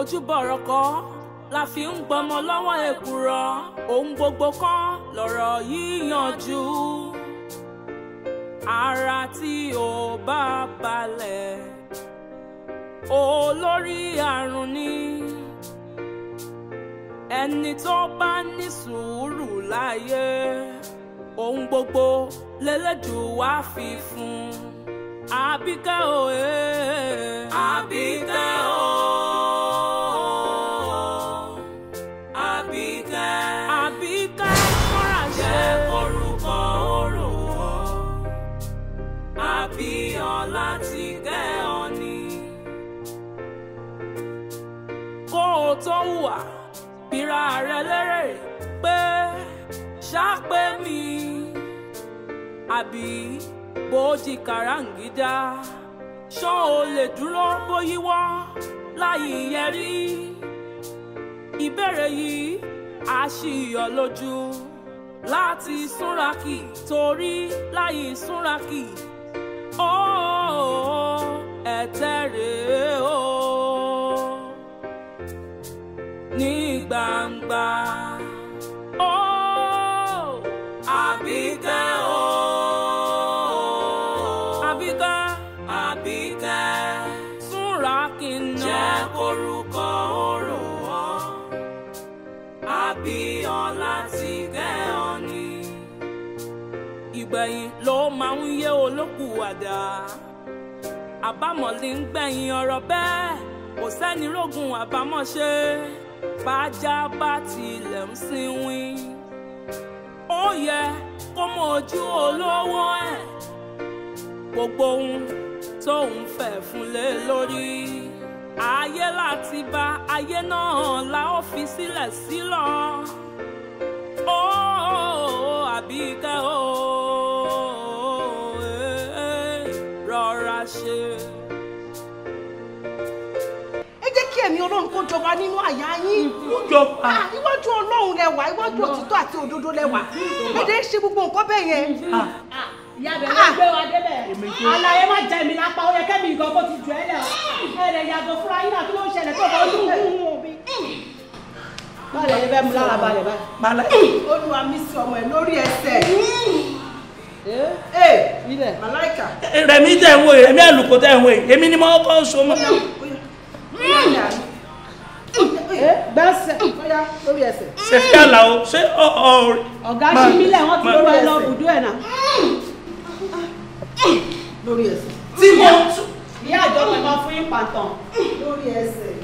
ojúbọ̀rọ̀ kọ́ la fi ń gbọmọ lọ́wọ́ èkùrọ́ ohun gbogbo kan lọ̀rọ̀ yíyanjú ara tí ò bá balẹ̀ olórí àrùn ni ẹni tó bá ní sùúrù láyé ohun gbogbo lẹ́lẹ́dùn wá fi fún rẹ lérè pé ṣáàpẹ́ mi àbí bòójì kàràǹgídá ṣó o lè dúró bóyíwọ́ láyì yẹn rí ìbéèrè yìí á ṣì yọ lójú láti súnrakì torí láyì súnrakì ó ẹ̀tẹ́ rèé o. àwàdà àbámọ̀ lè ń gbẹ̀yìn ọ̀rọ̀ bẹ́ẹ̀ kò sẹ́ni rógun àbámọ̀ ṣe bájá bá tilẹ̀ ń sinwin ó yẹ kó mọ ojú olówó ẹ̀ gbogbo ohun tó ń fẹ́ fún lé lórí ayé láti bá ayé náà la ó fi sílẹ̀ sílọ̀ ó àbíkẹ́ o. Oh, oh, oh, àbíkẹ́, oh. kẹ̀mí ọlọ́run kó jọba nínú àyà yín. jọba. iwájú ọlọ́run lẹwà iwájú òtítọ́ àti òdodo lẹwà èdè ṣe gbogbo nǹkan bẹ́ẹ̀ yẹn. ìyá bẹ̀rẹ̀ ló gbé wa débẹ̀ àlàyé má jẹ mi lápá ó yẹ kẹ́mi ìgàn kó ti jù ẹ́ lẹ̀ ẹ̀rẹ̀ yàgò fúnra yín àti ló ń ṣẹlẹ̀ tó kọ́ ọdún òun òbí. balẹ̀ yẹn bẹ́ẹ̀ mú lára balẹ̀ báyìí. olúwa mi sí ọmọ ẹ lórí ẹsẹ̀ rẹmi tẹ ń wo rẹmi àlùkò tẹ ń wo èmi ni mo kọ́ so mọ́. kíá lórí ẹsẹ̀. ṣe fi àlà o ṣé ọ ọ. ọ̀gá ṣí mílẹ̀ wọ́n ti lórí ẹ lọ bùdó ẹ̀ náà. lórí ẹsẹ̀. tí mo tún. bí àjọ mi máa fún yín pàtàn. lórí ẹsẹ̀.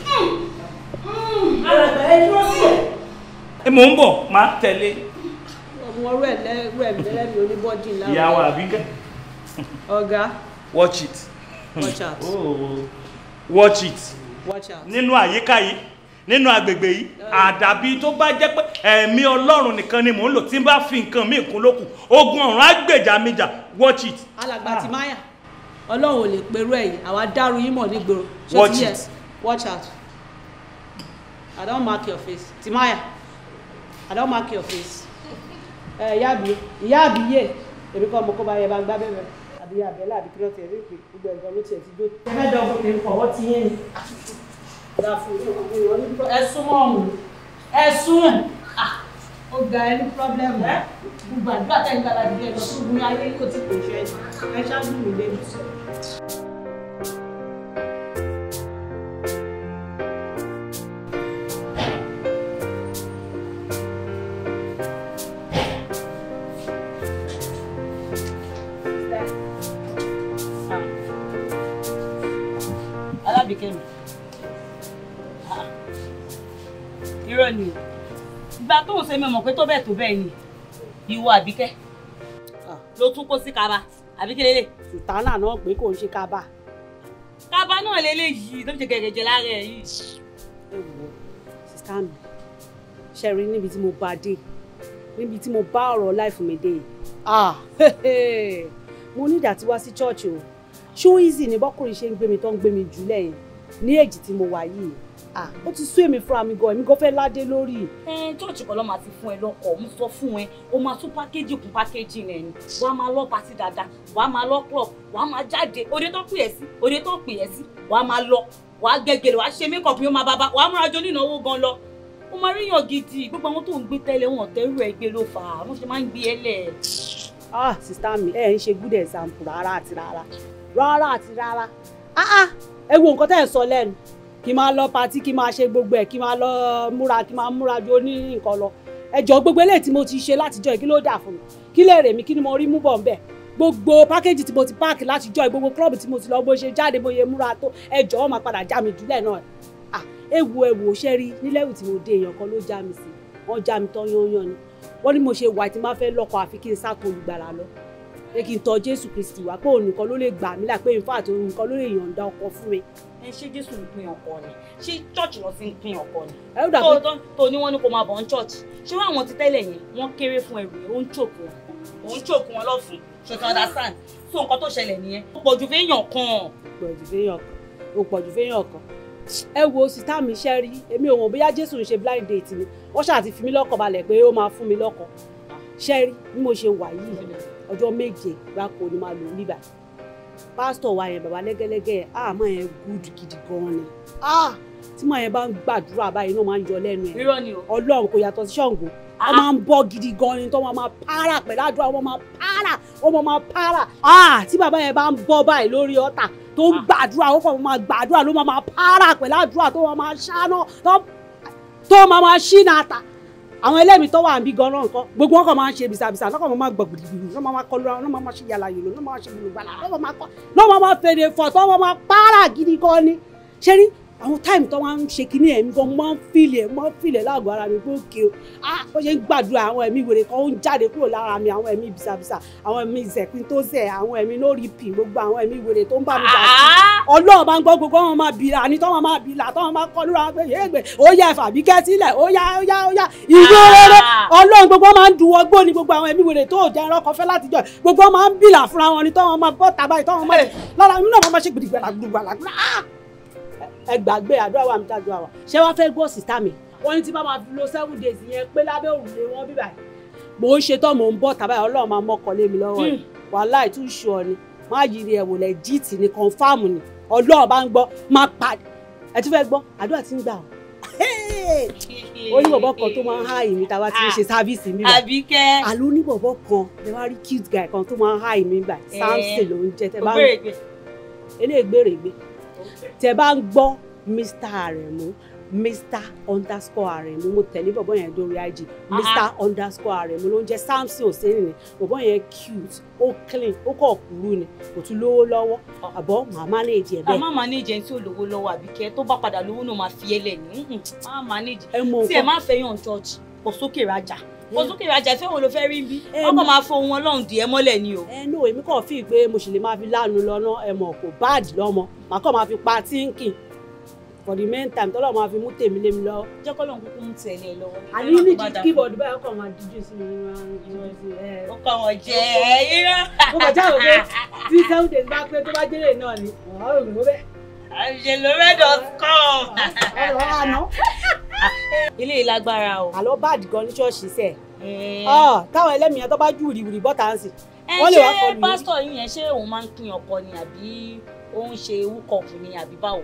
alàgbà ẹ dúró sílẹ̀. ẹ mò ń bọ̀ máa tẹ̀lé. ọmọ ọrọ ẹ lẹrú ẹ lẹrú oníbọ́dì ńlá. ìyàwó àbíkẹ́. ọ̀gá. watch it. watch out. oh watch it. watch out. nínú àyíká yìí nínú agbègbè yìí àdàbí tó bá jẹ́ pé ẹ̀mí ọlọ́run nìkan ni mò ń lò tí n bá fi nǹkan mí kún lókù ogun ọ̀run á gbèjà watch it. alàgbà ti máyà ọlọ́run ò lè perú ẹ̀yìn àwa dárú yín mọ̀ nígboro ṣé ti watch out i don mark your face ti máyà i don mark your face ẹ ìyá àbíyé ìyá àbíyé èmi kọ́ ọmọ kó bá yẹ bá ń gbá bẹ́ẹ̀ àbíyá àbẹ́là àbí kí ló ti ẹ̀ rí ìpè gbogbo ẹ̀ ẹ̀sùn mọ́ ọ̀hún ẹ̀sùn ah, ó ga ẹ ní pọ́blẹ́mù ẹ gbogbo àdúrà tẹ̀ ń gbàlá ìdílé lọ sí ìgbìmọ̀ ayé kò tí kò ṣe ẹ ṣáájú mi lẹ́nu. ṣe mi mọ̀ pé tó bẹ́ẹ̀ tó bẹ́ẹ̀ ni ìwọ àbíkẹ́ ah. ló tún kó sí kaba àbíkẹ́ lélẹ̀. sùtánà náà pé kò ń ṣe kaba. kaba náà lélẹ̀ yìí ló fi gẹ̀gẹ̀ jẹ lára ẹ̀ yìí. ẹ wo sista mi ṣe rí níbi tí mo bá dé níbi tí mo bá ọ̀rọ̀ life mi dé ah, mo ní ìdàtí wá sí chọ́ọ̀chì o ṣó easy ni bọ́kùnrin ṣe ń gbé mi tó ń gbé mi jù lẹ́yìn ní èjì tí mo wà yìí Ah. ó ti sú èmi fúnra mi gan èmi gan fẹ́ ládé lórí. church kan lọ́ọ́ máa ti fún ẹ lọ́kọ̀ mo sọ fún ẹ o máa tún pákéjì kún pákéjì rẹ ni wàá máa lọ pàtí dáadáa wàá máa lọ club wàá máa jáde òde tó pè é sí òde tó pè é sí wàá máa lọ wàá gẹ́gẹ́rẹ́ wàá ṣe mékọ̀pù yóò máa bàbá wàá múra jọ nínáwó gan lọ ó máa ríyàn gidi gbogbo àwọn tó ń gbé tẹ́lẹ̀ wọn tẹ́rù ẹ gbé ló fà á wọ́n ṣe máa ń gbé ẹ lẹ̀. ah sista mi ẹ ń ṣe good example rárá àti rárá rárá àti rárá ah ah ẹ wo nǹkan tẹ́ ẹ sọ lẹ́nu kí máa lọ patí kí máa ṣe gbogbo ẹ̀ kí máa lọ múra kí máa múra ju oní nǹkan lọ ẹjọ́ gbogbo eléyìí tí mo ti ṣe látijọ́ yìí kí ló dà fún mi kí lè rè mí kí ni mo rí mú bọ̀ ńbẹ̀ gbogbo pákéjì tí mo ti páàkì látijọ́ yìí gbogbo klọ́ọ̀bù tí mo ti lọ bó ṣe jáde bó ṣe múra tó ẹjọ́ wọn padà já mi jùlẹ̀ náà ah ewu ewu ṣe rí nílẹ̀ tí mo dé èèyàn kan ló já mi sí wọ́n já mi tán yán yán ni wọ́n ní mo ṣe wà tí máa fẹ́ lọ́kọ̀ àfi kí n sá pé kí n tọ̀ jésù kristi wá pé òun nìkan ló lè gbà mí là pé in fact òun nìkan ló lè yọ̀ǹda ọkọ fún mi. ẹ ṣé jésù ń pín ọkọ ni ṣé church lọ sí ń pín ọkọ ni. tó ní wọ́n ní kó máa bọ̀ ń church ṣé wọ́n àwọn ti tẹ́lẹ̀ yẹn wọ́n kéré fún ẹrù yẹn ó ń chòkù ó ń chòkù wọn lọ́fun ṣùgbọ́n understand so nǹkan tó ṣẹlẹ̀ nìyẹn ó pọ̀ ju fẹ́yàn kan. ó pọ̀ ju fẹ́yàn kan ó pọ̀ ju fẹ́yàn kan ẹ wo sítá mi ṣẹ́ rí èmi ò mọ̀ bóyá jésù ń ṣe blind date ni wọ́n ṣáà ti fi mí lọ́kàn balẹ̀ pé ó máa fún mi lọ́kàn ṣẹ́ rí bí mo ṣe wà yìí ọjọ́ méje gbáko ni máa lò nígbà pásítọ̀ wa yẹn bàbá lẹ́gẹ́lẹ́gẹ́ yẹn àmọ́ ah, yẹn gúdù gidi gan ni ah, tí màá yẹn bá ń gbàdúrà báyìí náà máa ń yọ lẹ́nu ẹ̀ ọlọ́run kò yàtọ̀ sí ṣọ̀ǹgó wọ́n ah. máa ń bọ́ gidi gan ni tó máa para pẹ̀lú àdúrà wọ́n máa para wọ́n máa para tí bàbá yẹn bá ń bọ́ báyìí lórí ọ̀tà tó ń gbàdúrà ó fọwọ́ máa gbàdúrà ló máa para pẹ̀lú àdúrà tó máa ṣáná tó máa ṣínà àtà àwọn ẹlẹ́mìí tó wà ń bí gan-an nǹkan gbogbo wọn kàn máa ń ṣe bisabisa lọ́kàn máa gbọ̀ gbìdìgbìdì lọ́mọ máa kọ́ lọ́wọ́ lọ́mọ máa ṣe yàrá yòlò lọ́mọ máa ṣe gbìlùgbàlà lọ́mọ máa kọ́ lọ́mọ máa fèrè fọ̀tọ́ lọ́mọ máa pààrà gidi gan ni ṣe ni àwọn time tó wọn ń ṣe kínní ẹ̀ ń gan mọ́ ń fìlẹ̀ mọ́ ń fìlẹ̀ láàgọ́ ara mi gbókè o ah ó ṣe ń gbàdúrà àwọn ẹ̀mí wèrè kan ó ń jáde kúrò lára mi àwọn ẹ̀mí bisabisa àwọn ẹ̀mí zẹ̀pin tó zẹ̀ àwọn ẹ̀mí lórí pì gbogbo àwọn ẹ̀mí wèrè tó ń bá mi dàgbà ah! ọlọ́run bá ń gbọ́ gbogbo wọn máa bìlà àní tọ́wọ́n máa bìlà tọ́wọ́n máa kọ́ lóra pé yéègbè ó yá ẹ̀fà bí kẹ́ sílẹ̀ ó yá ó yá ó yá ìwé ah! rere ọlọ́run gbogbo máa ń duwọ́ gbó ni gbogbo àwọn ẹ̀mí wèrè tó jẹ́ ẹran kọfẹ́ látijọ́ gbogbo máa ń bìlà fúnra wọn ni tọ́wọ́n máa bọ́ tàbá ìtọ́wọ́n máa lọ́la nínú àwọn ọmọ ṣe gbìdìgbàlà gbùdùgbàlà gbùdà ẹ gbàgbé àdúrà wà mí tájú àwà ṣé wàá fẹ́ gbọ́ sísá mi wọ́n ní tí bá máa fi lo seven days yẹn pé lábẹ́ òrùlé wọn bíbà yìí mò ń ṣe mò ń bọ̀ tàbá ọlọ́run máa mọ́kọ lé mi lọ́wọ́ hmm. yìí wàhálà ìtún ṣù ọ ni má yiri ẹ̀wò lẹ̀ jíìtì ni kọ̀ǹfàmù ni ọlọ́run bá ń gbọ́ máa pa ẹ tún fẹ́ gbọ́ àdúrà ti ń gbà ọ́ ó kan tó máa ń há ìmí tá a ti ń ṣe ah, sáfíìsì mi wá àló ní kan ẹ wá rí cute guy kan tó máa ń há ìmí gbà samson ló ń jẹ tẹ bá ń eléègbèrègbè tẹ bá ń gbọ́ mr aremu mr underscore aremu mo tẹ̀lé bọ̀bọ̀ yẹn dórí ig ah, ah. mr underscore aremu ló ń jẹ́ samson oseni ni bọ̀bọ̀ yẹn cute ó clean ó kọ̀ kúrú ni kò tún lówó lọ́wọ́ ah. àbọ̀ màá manage ẹ̀ bẹ́ẹ̀. àmọ́ manage ẹni tí ò lówó lọ́wọ́ àbíkẹ́ tó bá padà lówó náà máa fi ẹlẹ̀ ní máa manage tí ẹ má fẹ́ yàn church kò sókè rajà kò tún kí ìrajà fẹ́ wọn ló fẹ́ rí bí ọkọ máa fọ ohun ọlọ́run dì ẹ́ mọ́lẹ̀ ni o. ẹ ní òwe mi kàn fi ìgbé mo sì lè máa fi láàánú lọ́nà ẹ̀mọ̀ kò báàdì lọ́mọ màá kàn máa fi pa tíǹkì for the main time tọ́lọ́ máa fi mú tèmi lé mi lọ́wọ́. jẹ́ kọ́ lóun kúkú ń tẹ̀lé lọ́wọ́. àní ní jí keyboard báyọ̀ kàn máa díjú sí mi máa ń jí wọ́n sí ẹ. ó kọ́ wọn jẹ irọ́. mo kàn jáwèé pé tí seven days bá pé tó bá jẹ́lé náà ni ọ̀rọ̀ rẹ̀ ló bẹ́ẹ̀. àjẹlórẹ́.com. ọ̀rọ̀ àná. ilé ìlágbára o. àlọ́ báàdì gan ní ṣọ́ọ̀ṣì sẹ́ẹ̀. Eh. Ah, táwọn ẹlẹ́mìíràn tó bá jù wìrìwìrì bọ́ta ń sìn eh, wọ́n lè wá fọ́ mi. ẹ ṣé pásítọ̀ yìí yẹn ṣé òun máa ń pín ọkọ ni àbí ó ń ṣe wúkọ̀ọ̀kù ni àbí báwo.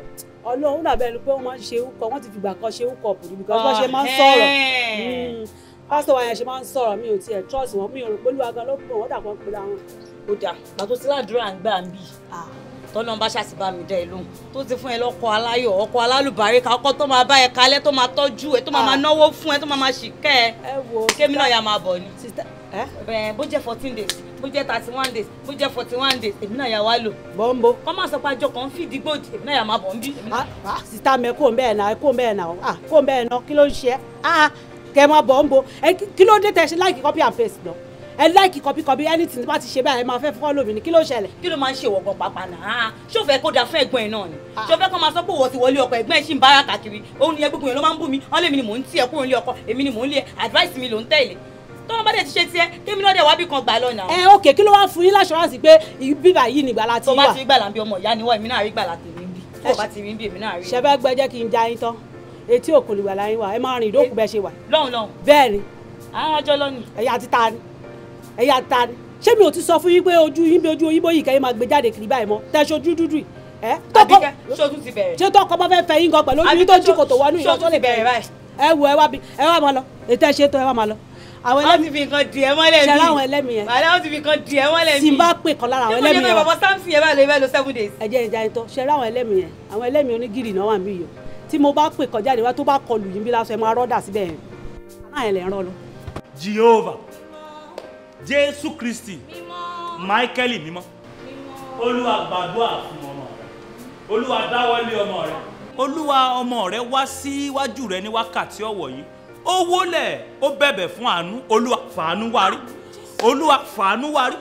ọlọ́run dàbẹ́ ẹni pé wọ́n máa ń ṣe wúkọ̀ wọ́n ti fìgbà kan ṣe wúkọ̀ọ̀kù ni because wọ́n ṣe ah, máa ń sọ̀rọ̀ eh. hmm. pásítọ̀ wa yẹn ṣe máa ń sọ̀rọ̀ mi ò tiẹ̀ trust wọn mi ò rò pé olúwa gan ló pọ̀ wọ́n dà kan pé ra wọn. ó dà pàtó síládùúrà tọ́lọ́n bá ṣàti mi dá ẹ tó ti fún ẹ lọ́kọ aláyọ̀ ọkọ alálùbáríkà ọkọ tó máa bá ẹ kalẹ̀ tó máa tọ́jú ẹ tó máa máa ah. náwó fún ẹ tó máa máa ṣìkẹ́ ẹ kémi náà yà máa bọ̀ ni bó jẹ́ fourteen days bó jẹ́ thirty one days bó jẹ́ forty one days èmi náà yà wá lò. bọ́ńbó. kọ́ máa sọ pé àjọ kan ń fìdí gbòdì èmi náà yà máa bọ̀ ń bí. Ah, ah, sita mi kò ń bẹ́ẹ̀ náà kò ń bẹ́ẹ̀ náà kò ń bẹ́ẹ̀ náà kí ló ń ṣe kẹ́ máa bọ̀ ń bo kí ló dé tẹ̀ ṣe láìkí copy and paste No? ẹ láìkì kọbíkọbí anything bá ti ṣe báyìí ẹ máa fẹ́ fọ́lọ́ mi ni kí ló ṣẹlẹ̀. kí ló máa ń ṣe ìwọ̀gàn pàpà náà ah, ṣó fẹ́ kó da fún ẹ̀gbọ́n ẹ̀ náà ni ah. ṣó fẹ́ kó máa sọ pé òwò ti wọlé ọkọ ẹ̀gbọ́n ẹ̀ ṣì ń bára kàkiri òun ni ẹgbẹ́gun yẹn ló máa ń bú mi wọ́n lé mi ni mò ń tí ẹ kúrò nílé ọkọ èmi ni mò ń lé advice mi ló ń tẹ̀lé tọ́wọ́n bá dẹ̀ ti ṣe tiẹ̀ kémi náà dẹ̀ wá bí kan gbà lọ́nà. ẹ eh, ok kí ló wá fún yín láṣọwọ́sì pé bíbà yìí ni gbàlá ti wà. tó bá ti rí gbàlá ń bí ọmọ ìyá ni wọ́n èmi náà rí gbàlá tèmi bí eh, tó bá ti rí bí èmi náà rí. ṣẹbẹ gbẹ kí n ja yín tán etí òkùnrin wà láyé wa ẹ máa rìn ìdókùn bẹ ṣe wà. lọ́hùn lọ́hùn. bẹ́ẹ̀ ni. àwọn ọjọ́ lọ́nìí. ẹ̀yà ti ta ni ẹ̀yà ta ni ṣé mi ò ti sọ fún yín pé ojú yín bí ojú yín bóyì kẹ́yìn máa gbé jáde kiri báyìí mọ́ tẹ́ ṣojú dúdú yìí. Àbíkẹ́ ṣojú ti bẹ̀rẹ̀. ṣé tọkọ bá fẹ́ fẹ́ yín gan pẹ̀lú ojú yín tó jí kòtò wọnú yìí ọjọ́ lè bẹ̀rẹ̀ báyìí. ẹ wo ẹ wá bí ẹ wá máa lọ ètò ẹ ṣe tó ẹ wá máa lọ. àwọn ẹlẹ́mìí ti fi nǹkan di ẹ mọ́lẹ̀ mi. ṣẹlá àwọn ẹlẹ́mìí yẹn. màdá wọn ti fi nǹkan di ẹ mọ́lẹ̀ mi. tí n bá pè kan lára àwọn ẹlẹ́mìí yẹn. ṣé mo yẹ bàbá Samson yẹn bá lè lo seven days. ẹ jẹ́ ìjà ìtọ́ ṣẹlá àwọn ẹlẹ́mìí yẹn àwọn ẹlẹ́mìí onígìrì náà wà ń bí yìí tí mo bá pè kọjá ìdíwá tó bá kọlù yín bí lásán ẹ máa rọ́dà síbẹ̀ yẹn. aláìlẹ̀ ń rọ lọ. Jehovah jésù kristi michael mímọ́ olúwa gbàdúrà fún ọmọ rẹ olúwa dáwọ́lé ọmọ rẹ. olúwa ọmọ rẹ wá síwájú rẹ ní wákàtí ọ̀wọ̀ yìí ó wólẹ̀ ó bẹ̀bẹ̀ fún àánú olúwa fàánú wárí olúwa fàánú wárí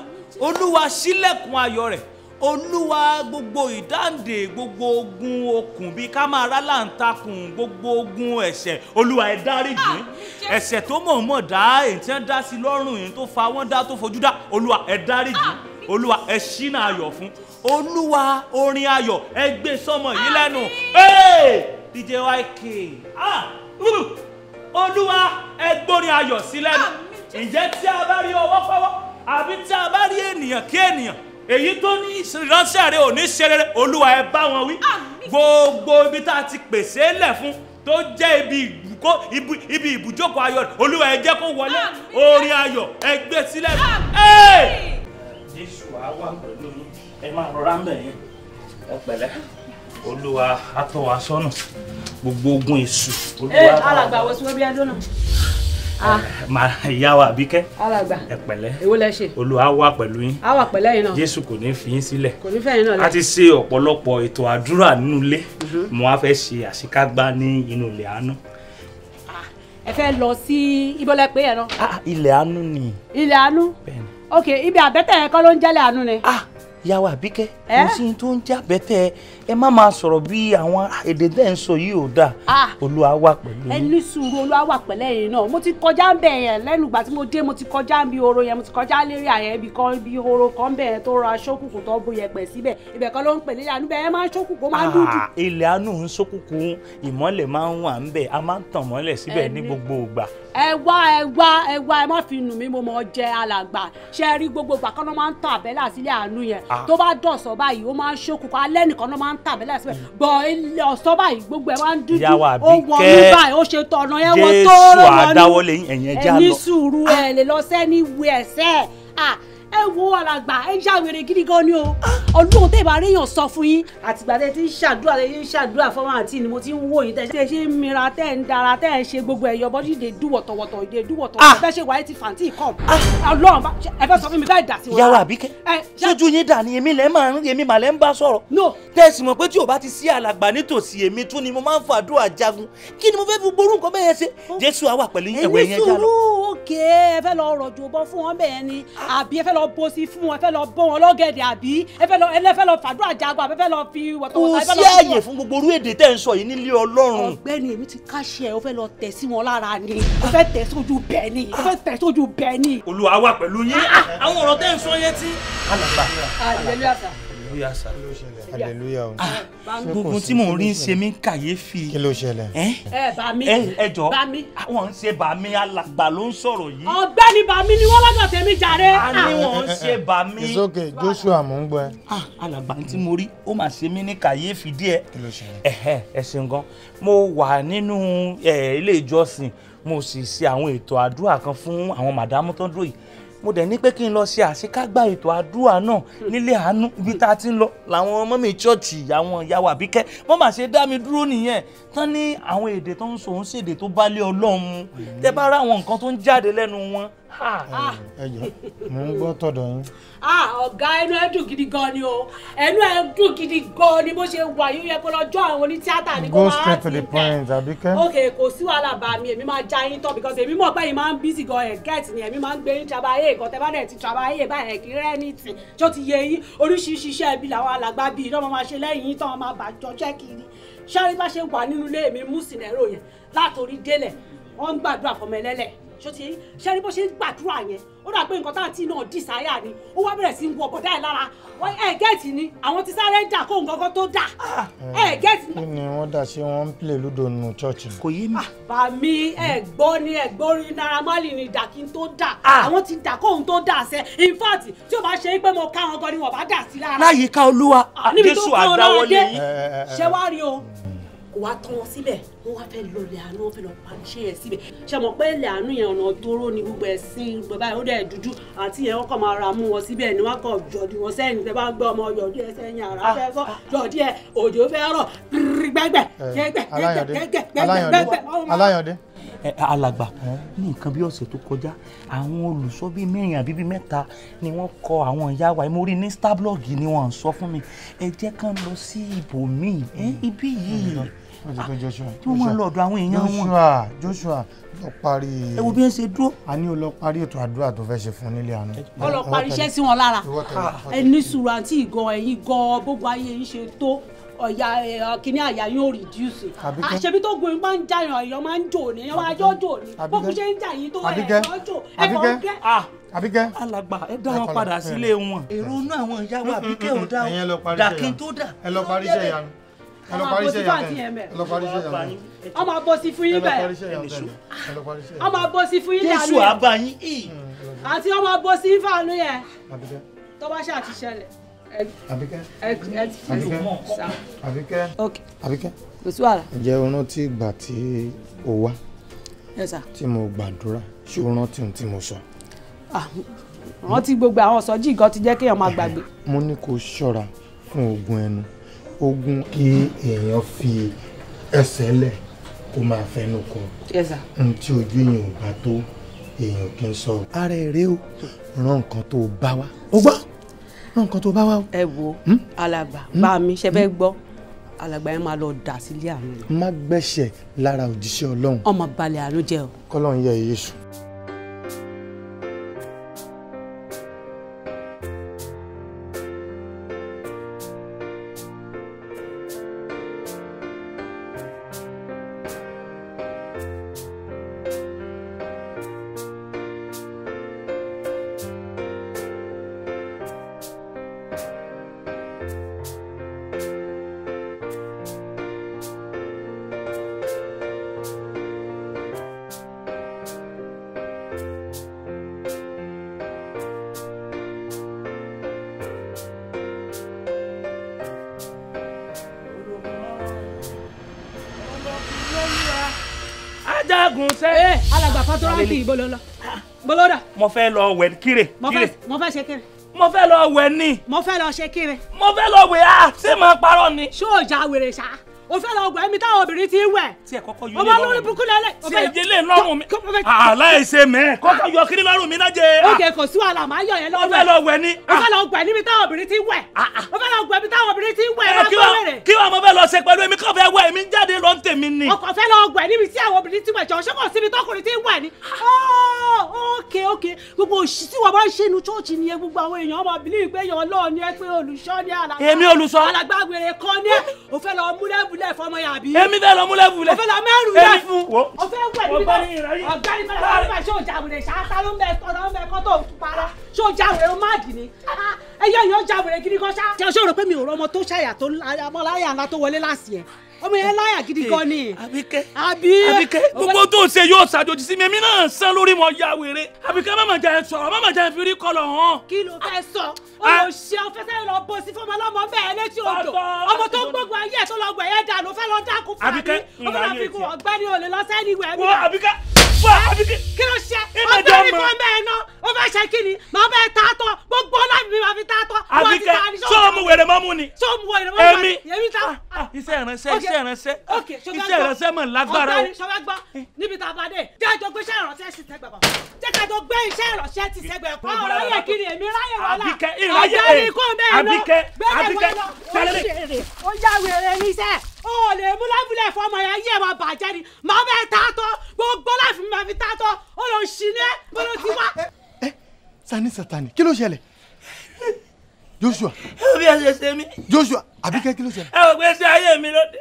olúwa ṣílẹ̀kùn ayọ̀ rẹ̀ olúwa gbogbo ìdáǹdè gbogbo ogun okùn bíi ká máa rálàǹtakùn gbogbo ogun ẹ̀ṣẹ̀ olúwa ẹ dáríjì ah, ẹ̀ṣẹ̀ tó mọ̀ọ́mọ̀ dá èyí tí wọ́n dá sí lọ́rùn yìí tó fa wọ́n dá tó fojú dá olúwa ẹ dáríjì ah, olúwa ẹ ṣínà ayọ̀ fún olúwa orin ayọ̀ ẹ gbé sọmọ yìí ah, lẹ́nu dj yk uh! olúwa ẹ gbórin ayọ̀ sí lẹ́nu ǹjẹ́ tí a bá rí ọwọ́ pọ́wọ́ àbí tí a bá rí ènìyàn kí ènìyàn èyí tó ní ìránṣẹ́ rẹ ò ní ṣe rere olúwa ẹ bá wọn wí gbogbo ibi tá a ti pèsè lẹ̀ fún tó jẹ́ ibi ìbùkó ibi ìbùjókòó ayọ̀ olúwa ẹ jẹ́ kó wọlé orin ayọ̀ ẹ gbé e sílẹ̀ jésù á wà pẹ̀lú ẹ máa rọra ń bẹ̀ yín ẹ pẹ̀lẹ́ olúwa á tọ́ wa sọ́nà gbogbo ogun èṣù. ee alàgbà wo sí wọ́n bí adó náà. Ah. màá ìyá wa àbíkẹ́ ẹ pẹ̀lẹ́ èwo lẹ ṣe olúwa wà pẹ̀lú yín a wà pẹ̀lẹ́ yín náà jésù kò ní fi yín sílẹ̀ kò ní fẹ́ yín náà lẹ. a ti ṣe ọ̀pọ̀lọpọ̀ ètò àdúrà nínú ilé mhm. mo wá fẹ́ ṣe àṣekágbá ní inú ilé àánú. Ah, ẹ fẹ́ lọ sí ibọ́lẹ̀ pé yẹn náà. Ah, ilé àánú ni. ilé àánú ok ibi àbẹ́tẹ̀ kọ́ ló ń jẹ́lẹ̀ àánú ni. ìyá wa àbíkẹ́ kò sí tó ń jẹ́ àbẹ́tẹ̀ ẹ má máa sọ̀rọ̀ bí àwọn èdè tẹ́ ń sọ yìí ò dáa ah. olúwa wà pẹ̀lú ẹni sùúrù olúwa wà pẹ̀lú ẹ̀yin náà mo ti kọjá bẹ̀ yẹn lẹ́nu ìgbà tí mo dé mo ti kọjá ń bi yẹn mo ti kọjá lérí àyẹ̀ ibì kan bí horo kan bẹ̀ tó ra ṣókùnkùn tó bo yẹpẹ̀ síbẹ̀ ibẹ̀ kan ló ń pè nílẹ̀ àánú bẹ̀ máa ń ṣókùnkùn máa ń dúdú. Ah, ilẹ̀ àánú ń ṣókùnkùn ìmọ́lẹ̀ máa ń wà ń bẹ̀ ẹ má fi nù mí mo mọ jẹ alàgbà ṣe rí gbogbo ìgbà kan máa ń tàn àbẹ́là sílẹ̀ àánú yẹn ah. tó bá dọ̀sọ̀ báyìí ó máa ń ṣókùnkùn alẹ́ nìkan náà máa ń tà mí láìsí bẹ́ẹ̀ bọ̀ ilé ọ̀sán báyìí gbogbo ẹ̀ wá ń dúdú ó wọ̀ ní báyìí ó ṣe tọ̀nà yẹn wọ́n tó rọ̀ ní ẹ̀yìn sùúrù ẹ̀ lè lọ sẹ́ni wẹ̀ sẹ́ẹ̀ ẹ wo alàgbà ẹ já wèrè gidi gan ni o ọlọ́run tẹ́ ẹ bá réèyàn sọ fún yín àtìgbà tẹ́ ẹ ti ń ṣàdúrà tẹ́ ẹ ń ṣàdúrà fọwọ́n àti ni mo ti ń wò yín tẹ́ ẹ ṣe ń mira tẹ́ ẹ ń dara tẹ́ ẹ ń ṣe gbogbo ẹ̀yọ́ bọ́dí ìdè dúwọ̀tọ̀wọ̀tọ̀ ìdè dúwọ̀tọ̀wọ̀tọ̀ ah! bẹ́ẹ̀ ṣe wáyé ti fàǹtì kọ́m ọlọ́run ẹ fẹ́ sọ fún mi báyìí dà sí wọn. yàrá àbíkẹ́ ṣojú yín dà ní èmi lẹ́ máa ń èmi mà lẹ́ ń bá sọ̀rọ̀ tẹ́sí mọ̀ pé tí o bá ti sí alàgbà nítòsí èmi tún ni mo máa ń fàdúrà jagun kí ni mo fẹ́ fi gbórú nǹkan bẹ́ẹ̀ ṣe oh. jésù àwa pẹ̀lú ìyẹ̀wò ẹ̀yẹn jà lọ. èmi sùúrù òkè ẹ fẹ́ lọ rọ̀jò bọ́ fún wọn bẹ́ẹ̀ ni ah lọ bọ́sí fún wọn ẹ fẹ́ lọ bọ́ wọn lọ́gẹ̀dẹ̀ àbí ẹ fẹ́ lọ ẹ fẹ́ lọ fàdúrà jagun àbí ẹ fẹ́ lọ fi wọ̀tọ̀wọ̀tọ̀ ẹ fẹ́ lọ fún wọn. kò sí àyè fún gbogbo orú èdè tẹ́ ń sọ yìí nílé ọlọ́run. ọ̀gbẹ́ni èmi ti káṣí ẹ o fẹ́ lọ tẹ̀ sí wọn lára ni o fẹ́ tẹ̀ sójú bẹ́ẹ̀ ni o fẹ́ tẹ̀ sójú bẹ́ẹ̀ ni. olúwa pẹ̀lú yín ah, ah. àwọn ọ̀rọ̀ tẹ́ ń sọ yẹn tí. alàgbà alàgbà hallelujah sir. hallelujah o. Ah, gbogbo tí mò ń rí ń ṣe mí kàyéfì. kí ló ṣẹlẹ̀. ẹ bá mi ẹ jọ wọn ń ṣe bá mi alàgbà ló ń sọ̀rọ̀ yìí. ọ̀gbẹ́ni bá mi ni wọ́n lọ́dọ̀ tèmi jàre. a ní wọn ń ṣe bá mi. it's okay joshua mò ń gbọ́ ẹ. Ah, alàgbà tí mo rí ó mà ṣe mí ní kàyéfì díẹ̀. kí ló ṣẹlẹ̀. ẹ ṣeun gan mo wà nínú ilé ìjọsìn mo sì ṣe àwọn ètò àdúrà kan fún àwọn màdámù tó ń dúró yìí mo dẹ̀ ní pé kí n lọ ṣe àṣekágbá ètò àdúrà náà nílé àánú ibi tá a ti ń lọ làwọn ọmọ mi chọ́ọ̀chì àwọn ìyàwó àbíkẹ́ wọ́n mà ṣe dá mi dúró nìyẹn tán ní àwọn èdè tó ń sòun ṣèdè tó bá lé ọlọ́run tẹ bá rá àwọn nǹkan tó ń jáde lẹ́nu wọn ẹjọ mò ń gbọ́ tọ̀dọ̀ yín. ọ̀gá ẹnu ẹ dùn gidi gan ni o ẹnu ẹ dùn gidi gan ni bó ṣe wà yóò yẹ kó lọ jọ àwọn onítíátà ni kó máa ti bẹ̀. go straight to the point Abike. ok kò sí wàhálà bá mi èmi máa já yín tán because èmi mọ̀ pé yín máa ń busy gan ẹ̀ get ni èmi máa ń gbé yín traba ayé ìkan tẹ́ bá dẹ̀ ti traba ayé báyìí kì í rẹ́ ní tì tó ti yẹ yín oríṣiríṣi iṣẹ́ ibi làwọn alàgbà bíi iná máa ṣe lẹ́yìn yín tán máa bàjọ́ jẹ́ kiri ṣáà rí bá ṣe wà nínú ilé mi mú sìnẹ́rò yẹn látòrí délẹ̀ ṣó ti ṣe rí bó ṣe ń gbàdúrà yẹn ó dà pé nǹkan tá à ń tì náà dìsáyà ni ó wá bẹ̀rẹ̀ sí ń wọ bọ̀dá ẹ̀ lára ẹ̀ gẹ́ẹ̀tì ni àwọn ti sáré dà kó nǹkan kan tó dà ah! ẹ̀ gẹ́ẹ̀tì. kí ni wọ́n dà ṣé wọ́n ń play ludo nù church. kò yé mi. bàbá ah, mi ẹ gbọ́ ni ẹ gbọ́ rí Naira Marley ni dà kí n tó dà ah! àwọn ti dà kóhun tó dà sẹ́ in fact tí o bá ṣe pé mo ká wọn gan ni wọ́n bá dà sí lára. láyìíká olúwa jésù àdáwọlé yìí. ṣé wá rí o mm kò wá tán wọn síbẹ̀ wọ́n wá fẹ́ lọ ilẹ̀ wọ́n fẹ́ lọ pa yẹn síbẹ̀ ṣe mọ̀ pé ilẹ̀ yẹn ọ̀nà tóró ni gbogbo ẹ̀sìn bàbá yẹn ó dẹ̀ dúdú àti yẹn wọ́n kàn máa ra mú wọn síbẹ̀ ni wọ́n kàn jọ̀dí wọn sẹ́yìn tẹ́ bá gbé ọmọ yọ̀dí ẹ sẹ́yìn ara fẹ́ sọ ah, ah, ah. jọ̀dí ẹ òjò fẹ́ rọ̀ eh, gbẹ́gbẹ́ gbẹ́gbẹ́ gbẹ́gbẹ́ gbẹ́gbẹ́ alàgbà ní nǹkan bí ọ̀sẹ̀ tó kọjá àwọn olùsọ bíi mẹ́rin àbí bíi mẹ́ta ni wọ́n kọ àwọn ìyá wa mo rí ní starblog ni wọ́n sọ fún mi ẹ jẹ́ kán lọ sí ibòmíì ibí yìí ah, tí wọ́n máa lọ ọ̀dọ̀ àwọn èèyàn wọn. Joshua Joshua lọ parí. ẹ wo bí wọ́n ṣe dúró. a ní o lọ parí ètò àdúrà tó fẹ́ ṣe fún nílé àná. ó lọ parí iṣẹ́ sí wọn lára ah, ẹ ní sùúrù àti ìgọ̀ ẹ̀yìn gan gbogbo ayé yìí ṣe tó ọ̀yà kìíní àyà yóò reduce àṣebí tó gun máa ń já ìrìn àyàn máa ń jò ní ọmọ ajọ́ jò ní bókun ṣe ń jà yìí tó ẹ̀ ọ́ jò ẹ̀ kàn gẹ́. Ah. Àbíkẹ́ alàgbà ẹ dá wọn padà sílé wọn. èrò inú àwọn ìyá wa Àbíkẹ́ ò dá o dàkin tó dà. ẹ lọ parí iṣẹ́ ìyanu ẹ lọ parí iṣẹ́ ìyanu ẹ lọ parí iṣẹ́ ìyanu ọ máa bọ́ fún yín bẹ́ẹ̀ ọ máa bọ́ fún yín dànù yẹn àti ọ máa bọ́ fún àánú yẹn tó Àbíkẹ́. Àbíkẹ́. ok. Àbíkẹ́. kò sí wàhálà. ǹjẹ́ o rántí ìgbà tí o wá. ẹ sà. tí mo gbàdúrà ṣé o rántí ohun tí mo sọ. Ah, rántí gbogbo àwọn sọjí nǹkan ti jẹ́ kéèyàn máa gbàgbé. mo ní kó ṣọ́ra fún oògùn ẹnu oògùn kí èèyàn fi ẹsẹ̀ lẹ̀ kó máa fẹnu kọ. ẹ sà. ohun tí ojú èèyàn ò bá tó èèyàn kì í sọ. ara ẹ̀ rèé o ràn nǹkan tó o bá wa. o gbọ́ rán nǹkan tó bá wá. ẹ wo hmm? alàgbà hmm? bá mi ṣe fẹ́ gbọ́ alàgbà yẹn máa lọ dà sílé àánú. má gbẹ̀ṣẹ̀ lára òjíṣẹ́ ọlọ́run. ọmọ balẹ̀ àánú jẹ́ o. kọ́lọ́run yẹ iye sùn. ṣe. ee eh, alàgbà pátúráǹtì ibo ló lọ ibo ló mo fẹ́ lọ wẹ̀ kírè. mo fẹ́ ṣe kírè. mo fẹ́ lọ wẹ̀ ni. mo fẹ́ lọ ṣe kírè. mo fẹ́ lọ wẹ̀ a ah, ṣé màá parọ́ ni. ṣé o ja wèrè ṣá o fẹ́ lọ wẹ̀ mi táwọn obìnrin ti wẹ̀. tí ẹ kọ́kọ́ yọ ilé lọ́rùn mi. o bá lórí burúkú lẹ́lẹ̀. tí ẹ jẹ ilé lọ́rùn mi. aláìṣe mẹ́ kọ́kọ́ yọ kiri lọ́rùn mi náà jẹ. oge kò sí wàhálà máa yọ yẹn lọ́rùn. o fẹ́ lọ wẹ̀ ni. o fẹ́ lọ wẹ̀ níbi táwọn obìnrin ti wẹ̀. Ah, ah táwọn obìnrin ti ń wẹ̀ máa kó wẹ̀rẹ̀. kí wàá mo fẹ́ lọ ṣe pẹ̀lú èmi kàn fẹ́ wẹ̀ èmi jáde lọ ń tèmi ni. ọkọ̀ fẹ́ lọ gbẹ̀ níbi tí àwọn obìnrin ti wẹ̀ jọ̀ọ́ ṣé síbi tọkùnrin ti ń wẹ̀ ni. ó okay okay gbogbo òṣì tí wọ́n bá ṣe inú chọ́ọ̀chì nìyẹn gbogbo àwọn èèyàn ọmọ bìlí ìgbé èèyàn ọlọ́ọ̀ ni ẹ pé olùṣọ́ ni alàgbà èmi olùṣọ́ alàgbà wèrè kan ni ẹ o fẹ́ lọ múlẹ̀bùlẹ̀ fọmọ yàbí èmi fẹ́ lọ múlẹ̀bùlẹ̀ o fẹ́ lọ mẹ́rù rẹ fún o fẹ́ wẹ̀ nípa ọ̀gá nípa ọ̀gá ṣé o jáwèrè ṣáṣá ló ń bẹ ọ̀nà ń bẹ kọ́ tó para ṣé o má dì ní ẹyọ ìyọ ọmọ yẹn láyà gidi gan ni. àbíkẹ́ àbíkẹ́ gbogbo tó ṣe yóò ṣàjòjì sí mi èmi náà san lórí mo ya wèrè àbíkẹ́ má mà jẹ́ sọ̀rọ̀ má mà jẹ́ fi rí kọlọ̀ hàn. kí ló fẹ́ sọ ah, ah. olùṣe ọfẹ sẹ́yìn lọ bọ sí fọmọ ọlọmọ bẹ́ẹ̀ létí odò ọmọ tó gbogbo ayé ẹ̀ tó lọ gbẹ̀ yẹn dànù fẹ́ lọ dákun fún mi ọmọ náà fi kún ọgbẹ́ni olè lọ sẹ́ni ìwẹ̀ mi. wọ́n àbíkẹ́ wọ́n àbíkẹ́. kí ló ṣe ọgbẹ́ni fún bẹ́ẹ̀ náà ó fẹ́ ṣe kí ni màá bẹ́ẹ̀ tá a tọ́ gbogbo láti mi máa fi tá a tọ́. àbíkẹ́ sọ́ọ̀mù wèrè mọ́mú ni. sọ́ọ̀mù wèrè mọ́mú ni èmi ta. Ah, iṣẹ́ ìránṣẹ́ iṣẹ́ ìránṣẹ́ iṣẹ́ ìránṣẹ́ mọ̀ lágbára o. ọ̀gá ni sọ́wọ́ gbọ́ eh. níbi tá a bá dé jẹ́ àjọ gbé iṣẹ́ ìránṣẹ́ sí sẹ́gbẹ̀ bọ̀ jẹ́ ká jọ gbé iṣẹ́ ìránṣẹ́ ti sẹ́gbẹ̀ kọ́ ọ̀rọ̀ yẹ kiri èmi ráyè wọlá ọ̀gá eh, ni kò mẹ́ẹ̀ lọ gbẹ́dẹ̀ wọlé ó yà wèrè níṣẹ́ o lè mú lábúlẹ̀ fọmọ yẹn yé wa bàjẹ́ ni màá bẹ́ẹ̀ tààtọ́ gbogbo láìfi máa fi tààtọ́ ó lọ sílẹ̀ bọ́lọ́ ti wá. ẹ eh, sani Sátánì kí ló ṣẹlẹ̀ Joshua. ẹ bí a ṣe ṣe mí. Joshua àbíkẹ́ kí ló ṣẹlẹ̀. ẹ ò gbé sí ayé mi lóde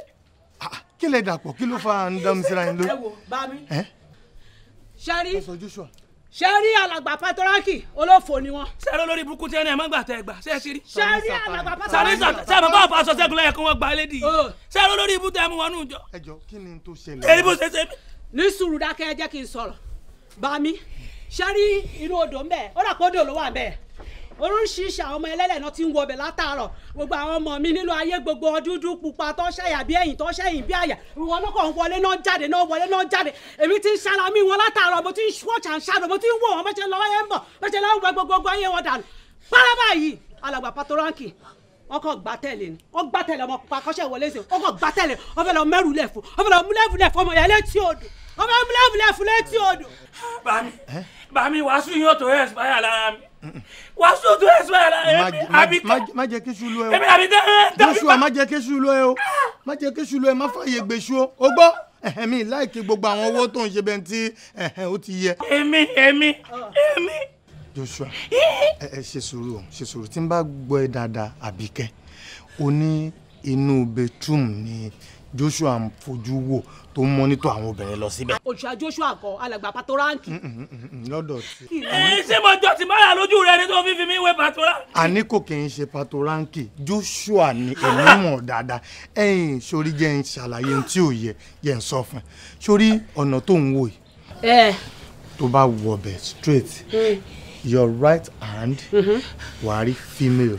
kí lè dàpọ̀ kí ló fa àǹdàmù síra yín lórí. ẹ wo bá mi ṣẹ́rí ṣẹ́rí alàgbà pàtọ́rákì olófò ni wọn. sẹ́rí olórí burúkú tí ẹni ẹ̀ mọ́gbà tẹ́ ẹ gbà ṣé ẹ ti rí. ṣẹ́rí alàgbà pàtọ́rákì sàrí sàmọ́ bá ọ̀pá aṣọ ṣẹ́gun lẹ́yìn kó wọ́n gba lédi. sẹ́rí oh. olórí ibú tẹ́ mú wọn nù jọ. ẹ jọ kí ni tó ṣẹlẹ̀. èyí bó ṣe ṣe mí. ní sùúrù jẹ́ kí n sọ̀rọ̀ bá mi inú odò ń bẹ ó rà pé ló wà ń oríṣiríṣi àwọn ọmọ ẹlẹ́lẹ̀ náà ti ń wọ ọbẹ̀ látàárọ̀ gbogbo àwọn ọmọ mi nínú ayé gbogbo ọdún dún pupa tó ṣẹ̀yà bí ẹ̀yìn tó ṣẹ̀yìn bí àyà wọn náà kàn wọlé náà jáde náà wọlé náà jáde èmi ti ń ṣàlàmì wọn látàárọ̀ mo ti ń ṣọ́ọ̀ṣà ń ṣàdọ̀ mo ti ń wò wọn bẹ́ẹ̀ ṣe lọ́wọ́ yẹn ń bọ̀ bẹ́ẹ̀ ṣe lọ́wọ́ gbogbo ayé wọn dànù pálábà yìí alàgbà patoranki wọn kọ gba tẹ́lẹ̀ ni wọn gba tẹ́lẹ̀ ọmọ pupa kọsẹ wọlé ṣe wọn kọ gba tẹ́lẹ̀ ọfẹlẹ ọmọ mẹrù lẹfọ ọfẹlẹ ọmọ mẹrù lẹfọ ọmọ yẹn létí odò mo fẹ́ búlẹ̀búlẹ̀ fún létí odò. bami bami wàásù yóò tó expire lára mi wàásù tó expire lára mi àbí tán má jẹ́ kéṣu ló ẹ o èmi àbí tán tán joshua má jẹ́ kéṣu ló ẹ o má jẹ́ kéṣu ló ẹ má fààyè gbèsù o o gbọ́ mi láìkí gbogbo àwọn owó tó ń ṣe bẹ́ẹ̀ tí ó ti yẹ. èmi èmi èmi. joshua ẹ ṣe sùúrù o ṣe sùúrù tí n bá gbọ́ ẹ dáadáa àbíkẹ́ o ní inú bedroom ni joshua ń fojú wò tó ń mọ́nítọ̀ àwọn obìnrin lọ síbẹ̀. òṣìṣẹ́ joshua kan alàgbà pàtó ráǹkì. Mm, mm, mm, lọ́dọ̀ tí. ṣé mo jọ ti máa lójú rẹ ní tó fífi mi wé pàtó ráǹkì. àní kò kì í ṣe pàtó joshua ni èmi mọ̀ dáadáa ẹ̀yìn sórí jẹ́ ń ṣàlàyé ohun tí ò yẹ jẹ́ ń sọ fún ẹ sórí ọ̀nà tó ń wò yìí. Eh. tó bá wọ ọbẹ̀ straight. Hmm. your right hand mm mm-hmm. wàá rí female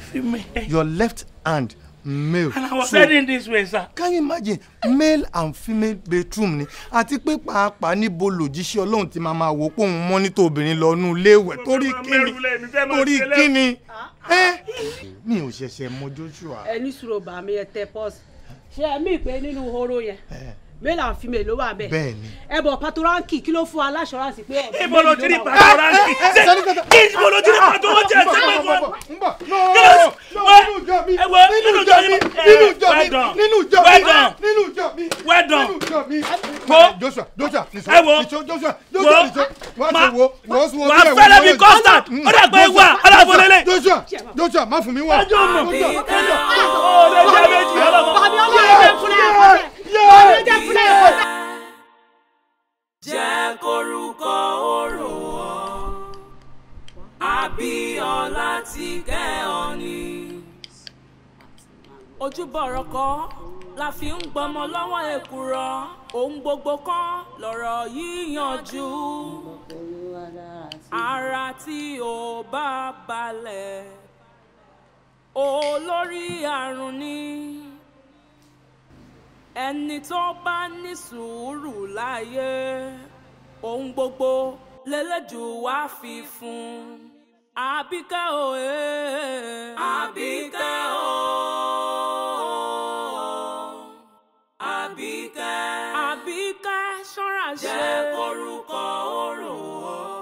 your left hand male. and I was so, heading this way sir. can you imagine male and female bedroom ni àti pé pàápàá níbo lòjíṣẹ́ ọlọ́run ti máa máa wò pé òun mọ́nítò obìnrin lọ nú ilé ìwẹ̀ torí kíni torí kíni mi ò ṣẹ̀ṣẹ̀ mọ Joshua. ẹ ní bàmí ẹ tẹ pọ́s ṣé ẹ mí pé nínú horo yẹn male and ló wà bẹ́ẹ̀. bẹ́ẹ̀ni. ẹ kí ló fún aláṣọránsì pé ọdún mélòó wà. Eh, eh, eh, ibo ló ti rí patoranki ṣe ibo ló ti ṣe ṣe gbogbo. nbọ nínú ìjọ mi nínú ìjọ mi nínú ìjọ mi nínú ìjọ mi nínú ìjọ mi. wo Joshua Joshua nìṣó nìṣó Joshua Joshua nìṣó wàá wo wọ́n sún wọn bẹ́ẹ̀ wọ́n fẹ́rẹ̀ mi constant ó dà pé wà alábọ̀lélẹ̀. Joshua Joshua má fún mi wà. ọjọ́ mọ̀ ọ̀rẹ́ jẹ́ méjì ọlọ́mọ. bàbá mi ọlọ́run ẹ̀ fún ẹ̀ jẹ́. ọlọ́jà fúnra ẹ̀ wọ́n sá. jẹ́ korúkọ orò ọ Abíọ́lá ti kẹ́ ọ ni. ojúbọ ọ̀rọ̀ kan la fi ń gbọ́mọ lọ́wọ́ èkùrọ́ ohun gbogbo kan lọ̀rọ̀ yíyanjú ara tí ò bá balẹ̀ olórí àrùn ni ẹni tó bá ní sùúrù láyé ohun gbogbo lẹ́lẹ́dùwà fi fún un o ẹ̀ eh. àbíkẹ́ o àbíkẹ́ àbíkẹ́ ṣọ́ra ṣe jẹ́ korúkọ orò ọ́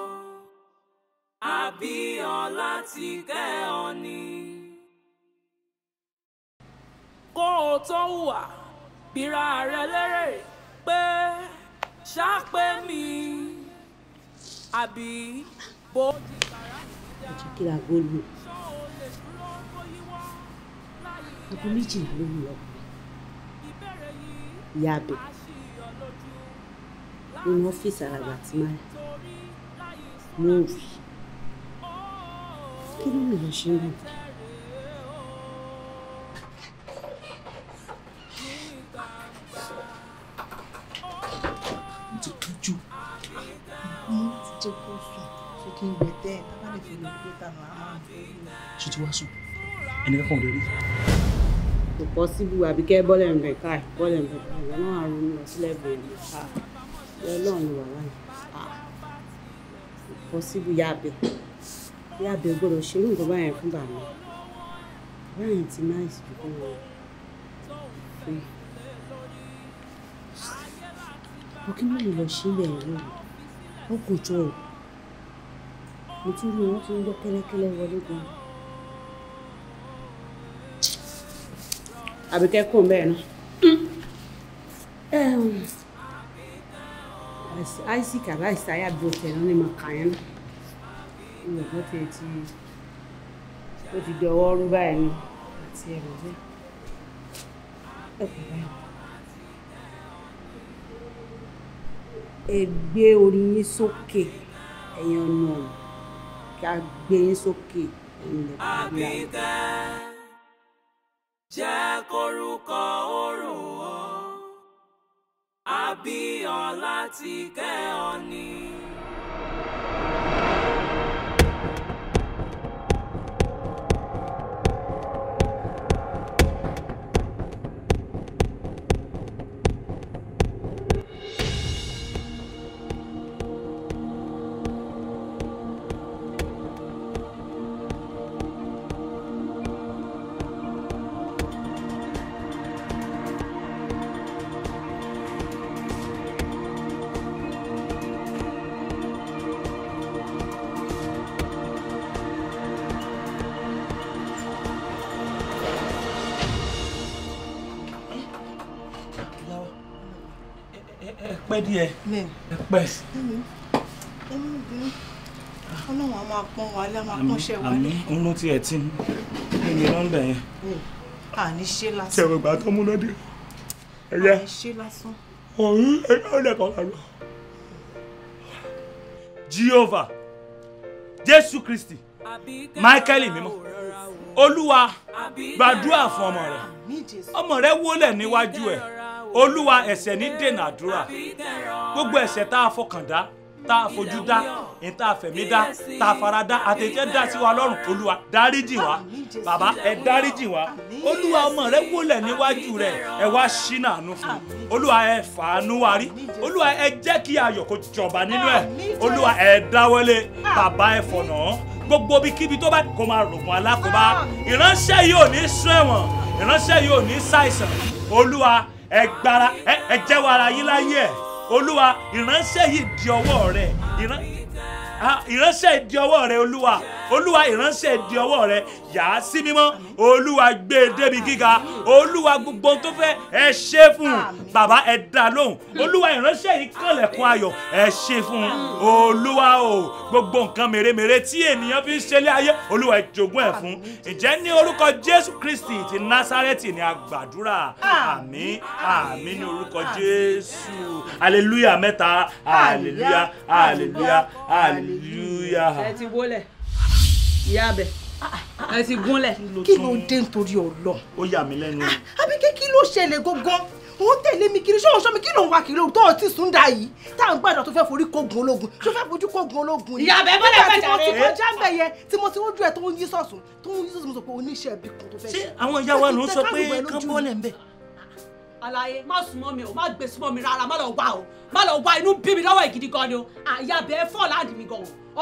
àbí ọ̀ láti kẹ́ ọ ni. kó o tó wà bíra rẹ lérè pé ṣáàpẹ mi àbí bó di kàrá ìjà ìjìkìlá gbólú aago méjìlá ló ń lọ ìyá abẹ nínú ọ́fíìsì àràgbà tí máa mú òwì kí ló ń lọ ṣe ń lọ. kí n gbé tẹ́ ẹ̀ tábà lè fi lè gbé tànà á máa fi lè. ṣé ti wá sùn ẹnì kankan ò lè rí. kò pọ́síbù àbíkẹ́ bọ́lẹ̀ ń bẹ̀ káì bọ́lẹ̀ ń bẹ̀ káì ìwọ náà ronú lọ sílẹ̀ bẹ̀rẹ̀ káì ọlọ́run ni wàhálà yìí kò pọ́síbù yábẹ̀ yábẹ̀ gbọ́dọ̀ ṣerú nǹkan báyẹn fún bàmí báyẹn ti náà ìsìnkú fún wọn. ọkùnrin lè lọ sílẹ̀ ìlú ọkùnrin tó o mo tún rí wọn tó ń yọ kẹ́lẹ́kẹ́lẹ́ wọlé gan. àbí kẹ́kọ̀ọ́ bẹ́ẹ̀ náà isaac àbá isaiah bí òtẹ̀ náà ni mà kà yẹn náà mo gbọ́ tẹ̀ tí ó ti dọwọ́ rú báyìí ni àti ẹ̀rọ bẹ́ẹ̀ ẹ gbé orí yín sókè ẹ̀yin ọ̀nà ọ̀hún kí a gbé yín sókè ẹ̀yin jẹ́ korúkọ orò ọ́ àbí ọlá ti kẹ́ ọ ni. pẹ́ díẹ̀ ẹ pẹ́ sí. ọlọ́run a máa pọ́n wa lé a máa pọ́n ṣẹ́ wa lé. àmì ń ló tiẹ̀ tí ní mi nọ́mbà yẹn. à ní ṣe lásán. tí ẹ̀rọ ìgbà tó múná dé. ẹ̀yà ní ṣe lásán. ọ̀hún ẹ̀yà ọ̀dẹ̀ kan kà lọ. Jehovah Jésù Kristi Michael mímọ́ Olúwa gbàdúrà fún ọmọ rẹ ọmọ rẹ wólẹ̀ níwájú ẹ̀ olúwa ẹ̀ṣẹ̀ ní dènà àdúrà gbogbo ẹ̀ṣẹ̀ tá a fọkàn dá tá a fojú dá ní tá a fẹ̀mí dá tá a fara dá àtẹ̀tẹ̀ dá sí wa lọ́rùn olúwa dáríjì wá bàbá ẹ dáríjì wá olúwa ọmọ rẹ wólẹ̀ níwájú rẹ ẹ wá ṣínà àánú fún olúwa ẹ fàánú wa rí olúwa ẹ jẹ́ kí ayọ̀ kó jọba nínú ẹ olúwa ẹ dáwọ́lé bàbá ẹ fọ̀nà gbogbo ibikíbi tó bá kó máa rògbòn alákòóbá ìránṣẹ́ yìí ò ní sún ẹ̀wọ̀n ìránṣẹ́ yìí ò ní ṣàìsàn olúwa ẹ gbára ẹ jẹ́wọ́ ara yín láyé ẹ̀ olúwa ìránṣẹ́ yìí di ọwọ́ rẹ ìránṣẹ́ di ọwọ́ rẹ olúwa olúwa ìránṣẹ́ di ọwọ́ rẹ já sí mímọ́ olúwa gbé e débi gíga olúwa gbogbo tó fẹ́ ẹ ṣe fún un bàbá ẹ dá lóhùn olúwa ìránṣẹ́ yìí kànlẹ̀kùn ayọ̀ ẹ ṣe fún un olúwa o gbogbo nǹkan mèremère tí ènìyàn fi ń ṣẹlẹ̀ ayé olúwa ẹ jogún ẹ fún ìjẹ́ ní orúkọ jésù kristi ti násárẹ́tì ni a gbàdúrà àmín àmín ní orúkọ jésù hallelujah mẹ́ta hallelujah hallelujah hallelujah. ẹ ti wọlé ìyá abẹ ẹ ti gúnlẹ̀. kí ló dé nítorí ọlọ́run. ó yà mí lẹ́nu. àbíké kí ló ṣẹlẹ̀ gangan òun tẹ̀lé mi kiri ṣọ́ọ̀ṣọ́ mi kí ló ń wá kiri òótọ́ ọtí sunda yìí tá à ń gbàdọ̀ tó fẹ́ forí kógun ológun tó fẹ́ fojú kógun ológun yìí. ìyàbẹ̀ bọ́lẹ̀ bàjẹ́ rẹ̀. nígbà tí mo ti kọjá ń bẹ̀ yẹn tí mo ti ojú ẹ̀ tó ń yí sọ̀sùn tó ń yí sọ̀sùn mo sọ pé oníṣẹ́ ẹbí kan tó fẹ́ ṣe. ṣé àwọn ìyá wa ló ń sọ pé kán bọ́lẹ̀ ń bẹ̀. alaye má súnmọ́ mi o má gbé súnmọ́ mi rárá má lọ wá o má lọ wá inú bí mi lọ́wọ́ ìgidi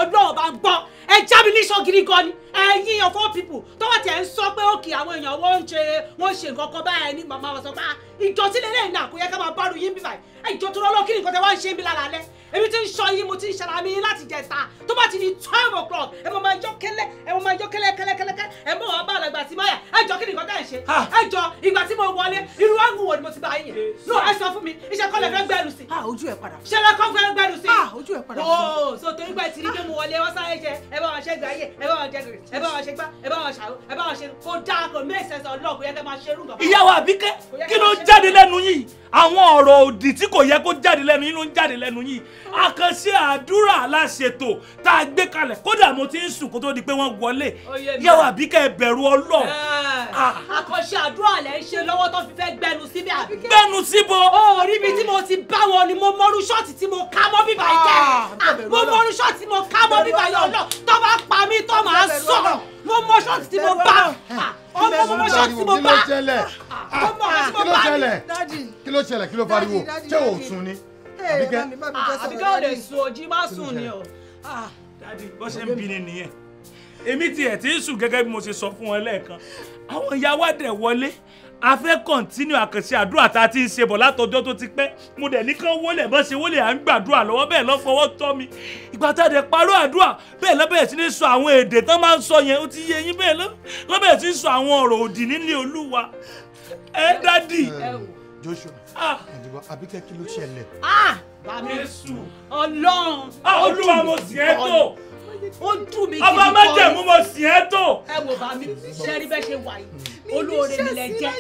ọlọ́run bá gbọ́ ẹ já mi níṣan gidi gan ni ẹ̀yin ọ̀fọ́ pipu tọ́wọ́ tẹ̀ ń sọ pé òkè àwọn èèyàn wọ́n ń ṣe wọ́n ṣe nǹkan kan báyẹn ní màmá wọn sọ pé ah, ìjọ sílẹ̀ lẹ́yìn náà kò yẹ ká máa bá lu yín bíbáyìí ìjọ tó lọ́lọ́ kí ni nǹkan tẹ wá ń ṣe mí lára alẹ́ èmi ti ń sọ yín mo ti ń ṣara mi láti jẹta tó bá ti di twelve o'clock ẹ mọ máa jọ kẹlẹ ẹ mọ máa jọ kẹlẹ kẹlẹ kẹlẹ kẹlẹ ẹ mọ wàá bá àlàgbà tí máa yà ẹ jọ kí ni nǹkan tẹ ẹ ṣe ẹ jọ ìgbà tí mo wọlé irú àgùn wo ni mo ti bá yín yẹn no ẹ sọ fún mi iṣẹ́ kọ́ lẹ fẹ́ gbẹ́rù sí. a ojú ẹ padà fún. ṣẹlẹ kọ́ fẹ́ gbẹ́rù sí. a ojú ẹ padà fún. Oh, ooo so torí pé ti rí pé mo wọlé wọ́n sáré jẹ ẹ bá wọn ṣe gbà yẹ ẹ bá wọn jẹ gèrè ẹ bá wọn ṣe gbá ẹ bá wọn ṣàrò ẹ bá wọn ṣe kó dáa kó mẹ́sẹ̀sẹ̀ ọlọ́ọ̀kú yẹ kẹ́ máa ṣerú nǹkan. ìyàwó àbíkẹ́ kí ló jáde lẹ́nu yìí àwọn ọ̀rọ̀ òdì tí kò yẹ kó jáde lẹ́nu yín ló ń jáde lẹ́nu yìí àkànṣe àdúrà aláṣetò tá a gbé kalẹ̀ kódà mo ti ń sùn kó tó di pé wọ́n wọlé yẹ̀wò àbíkẹ́ ẹ bẹ̀rù ọlọ́ọ̀. Eh, ah. àkànṣe àdúrà lẹ́ ń ṣe lọ́wọ́ tó fi fẹ́ gbẹnu síbi àbíkẹ́. gbẹnu síbo. o rí mi tí mo ti bá wọn ni mo mọrú ṣọ́ọ̀tì tí mo ká mọ́ bíbá yìí ah, mo ah, mọrú ṣọ́ọ̀tì tí mo ká mọ́ bíbá yìí ọlọ́ọ̀ tó bá pa mí tó máa sọ̀rọ̀ mo mọ ṣọ́ọ̀tì tí mo bá ah, ah, ọmọ mo mọ ṣọ́ọ̀tì tí mo bá ah, ọmọ àti mo bá mi. kí ló ṣẹlẹ̀ kí ló pariwo ṣé o sùn ni. àbíkẹ́ ò lè sùn ojí má sùn ni o. dadi bó ṣe ń bi ni nìyẹn èmi tiẹ̀ ti ń sùn gẹ́gẹ́ bí mo ṣe sọ fún ọ lẹ́ẹ̀kan àwọn ìyá wa dẹ̀ wọlé a fẹ́ kọ́ntínú àkànṣe àdúrà tá a ti ń ṣe bọ̀ látọjọ́ tó ti pẹ́ mo dẹ̀ nìkan wọlé bọ́ ṣe wọlé à ń gbàdúrà lọ́wọ́ bẹ́ẹ̀ lọ́fọwọ́ tọ́ mi ìgbà tá a dẹ̀ parọ́ àdúrà bẹ́ẹ̀ lọ́bẹ̀ẹ́ sí ní sọ àwọn èdè tán máa ń sọ yẹn ó ti yé yín bẹ́ẹ̀ lọ́bẹ̀ẹ́ sí sọ àwọn ọ̀rọ̀ òdì nílé olúwa ẹ dádì. Joshua àdìgbò ah. àbíkẹ́ kí ló ṣẹlẹ̀. Ah! Jésù Ọlọ́run ah, Olúwa mo sì ẹ́ tó ó dùn mí kí n kọ́ ọ ọba májẹ̀mú mo sì ẹ́ tó. ẹ wò olóore mi lẹ jẹ́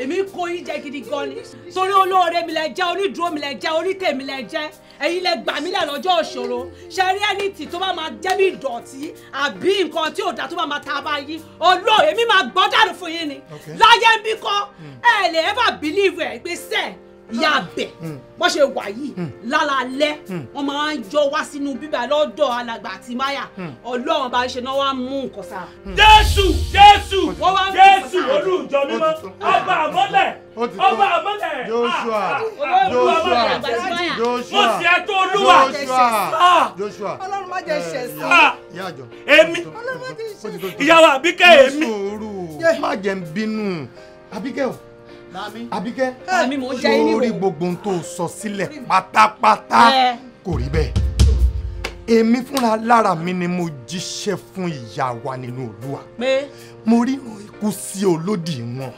èmi kó yín jẹ gidi gan ni torí olóore mi lẹ jẹ́ onídùúró mi lẹ jẹ́ onítẹ̀ mi lẹ jẹ́ ẹ̀yin lẹ gbà mí lẹ̀ lọ́jọ́ òṣòro ṣe rí ẹni tì tó bá máa jẹ́ bí ìdọ̀tí àbí nǹkan tí ò dá tó bá máa ta bá yín olóore mi máa gbọ́ dànù fún yín ni láyé bí kọ́ hmm. ẹ lè ever believe ẹ̀ gbé sẹ́ẹ̀ ìyá abẹ hmm. bọ́n ṣe wà yìí hmm. lálálẹ́ hmm. wọ́n máa ń jọ wá sínú bíbá lọ́dọ̀ alàgbà àti máyà ọlọ́run bá ń ṣe náà wá ń mú nǹkan sá. jésù jésù jésù olùjọ mímọ́ ọba àmọ́lẹ̀ ọba àmọ́lẹ̀ joshua joshua ah, ah, ah, joshua mo sì ẹ olúwa joshua ọlọ́run má eh, èmi ìyàwó àbíkẹ́ èmi. má jẹ́ ń bínú àbíkẹ́ o. Àbíkẹ́ sórí gbogbo ohun tó sọ sílẹ̀ pátápátá kò rí bẹ́ẹ̀ èmi fúnra lára mi ni mo jíṣẹ́ fún ìyá wa nínú Olúwa mo ríran ikú sí olódì wọn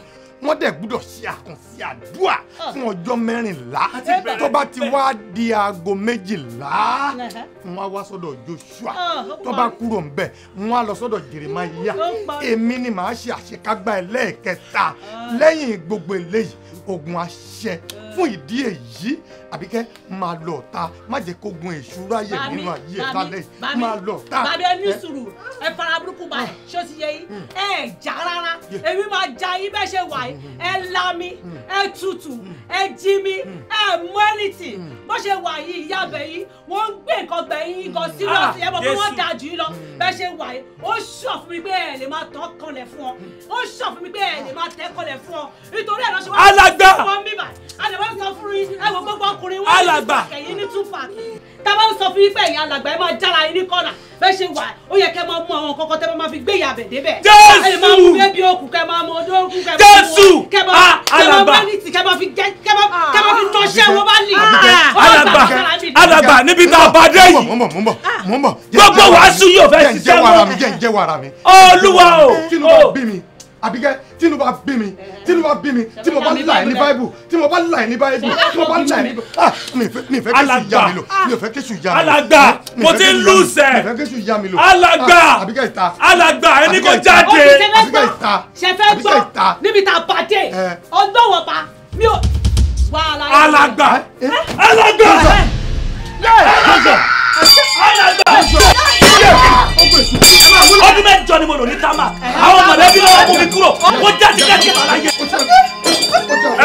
wọ́n dẹ̀ gbúdọ̀ ṣe àkànṣe àdúrà ah. fún ọjọ́ mẹ́rìnlá tó bá ti wá di aago méjìlá wọ́n á wá sọ́dọ̀ Joshua ah, tó bá kúrò ń bẹ̀ wọ́n á lọ sọ́dọ̀ Jeremiah èmi ni màá ṣe àṣekágbá ẹlẹ́ẹ̀kẹta ah. lẹ́yìn gbogbo eléyìí ogun àṣẹ fún ìdí èyí àbíkẹ́ máa lọ ta má jẹ́ kó gun ìṣúra yẹ nínú ayé ẹ̀ lálẹ́ máa lọ ta. bàbá ẹni sùúrù ẹ fara burúkú bá ah. ṣó ti yẹ yín hmm. ẹ jà rárá èmi máa ja yín bẹ́ẹ̀ ṣe wà yìí hmm. ẹ la mi hmm. ẹ tutù ẹ jí mi ẹ mú ẹnìtì bó ṣe wà yìí ìyá abẹ yìí wọ́n ń gbé nǹkan gbẹ yín gan síríọ̀sì ah, ẹ mọ̀ pé wọ́n da jù yín lọ bẹ́ẹ̀ ṣe wà yìí ó ṣọ̀ fún mi pé ẹ lè máa tọ́ kanlẹ̀ fún ọ ó ṣọ̀ fún mi pé ẹ lè máa tẹ́ kanlẹ̀ fún ọ nítorí ẹ̀ lọ́ ṣe wá gbà. àdàbà sọ fún yín ẹ wo gbogbo ọkùnrin wọn ní túpàkì yín ní túpàkì tábà sọ fún yín pé ẹ̀yin alàgbà ẹ máa jára yín ní kọ́nà bẹ́ẹ̀ ṣe wà ó yẹ kẹ́ máa mú àwọn kọ́kọ́ tẹ́ máa fi gbé ìyá bẹ̀ débẹ̀. jésù ẹ máa mú bébí òkú kẹ́ máa mú odó òkú kẹ́ máa mú kẹ́ máa fi tọ́ṣẹ́ wọ́n bá lì. alàgbà alàgbà níbi tá a bá dé yìí gbogbo wàásù yóò fẹ́ ṣiṣẹ́ wọn àbíkẹ́ tínú bá bí mi tínú bá bí mi tí mo bá là ẹ ní báíbù tí mo bá là ní báíbù tí mo bá là ní báíbù mi ìfẹ́ kẹ́sù ìyá mi lò mi ò fẹ́ ìyá mi lò alàgbà mo ti ń lùsẹ̀ mi àbíkẹ́ ah, ìta alàgbà ẹni kò jáde àbíkẹ́ ìta àbíkẹ́ ìta níbi tá a pàdé eh. ọgbọ́wọ̀ pa mi ò wà eh? Eh? alàgbà alàgbà alàgbà alàgbà ọdún mẹ́jọ ni mo lò ní tamak àwọn mọ̀lẹ́bí lọ́wọ́ mú mi kúrò ó jáde jáde bàbá yẹ.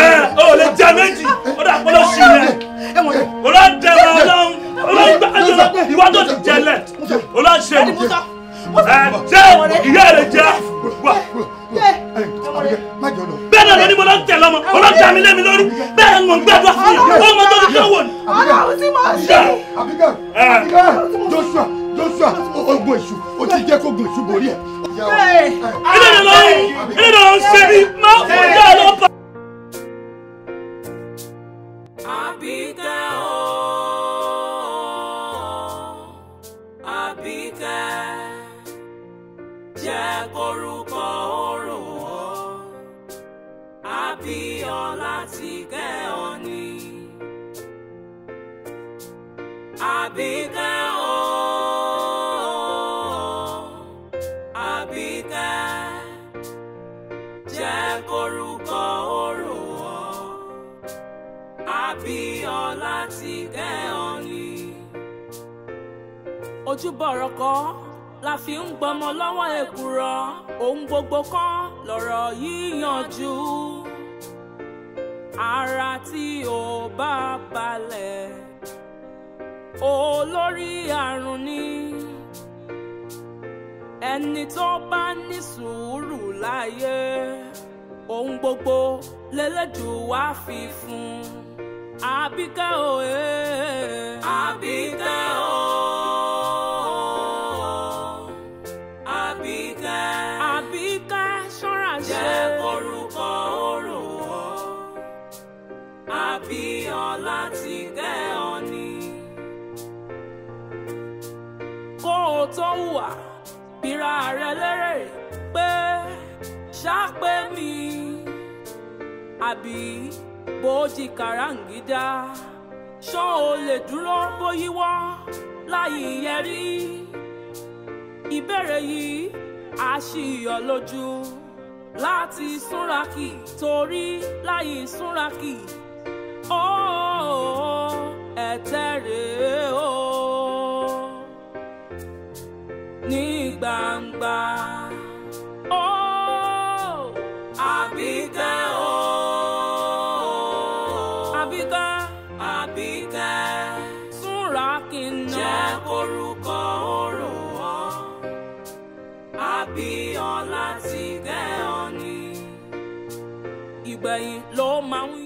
ẹ ò lè jẹ méjì ó dà pọ́n ló ṣì yẹ olóńdẹ̀rẹ̀ ọlọ́run olóńgbàdúrà ìwà tó ti jẹlẹ̀ olóńṣẹ́ ẹ ṣé ìyá rẹ̀ jẹ́ wà bẹ́ẹ̀ náà lóní mo lọ tẹ̀ lọ́mọ ọlọ́jà mi lé mi lórí bẹ́ẹ̀ ń mọ̀ gbàdúrà fún yìí ó mọ tó ti kọ́ wò ni. ọlọ́run ti mọ̀ sí. ẹ Joshua joshua ogun èṣù o ti jẹ́ kógun èṣù borí ẹ̀. ilé ìlọ ilé ìlọ ṣe ni máa fún yàrá lọ́pàá. ojúbọ̀rọ̀ kọ́ la fi ń gbọmọ lọ́wọ́ èkùrọ́ ohun gbogbo kan lọ̀rọ̀ yíyanjú ara tí ò bá balẹ̀ olórí àrùn ni ẹni tó bá ní sùúrù láyé ohun gbogbo lẹ́lẹ́dùn wá fi fún un òye àbíkẹ́. tó ń wà bíra rẹ lérè pé ṣáàpẹ́ mi àbí bòójì kàràǹgídá ṣọ́ o lè dúró bóyíwọ́ láyé yẹn rí ìbéèrè yìí á ṣì yọ lójú láti súnrakì torí láyé súnrakì ó ẹ̀tẹ́ rèé o. gbà. ó Àbíkẹ́ o. Àbíkẹ́. Àbíkẹ́. súnra kí n ná. jẹ́ korúkọ orò ọ́. Abíọ́lá ti gẹ́ ọ ni. ìgbẹ̀yìn ló máa ń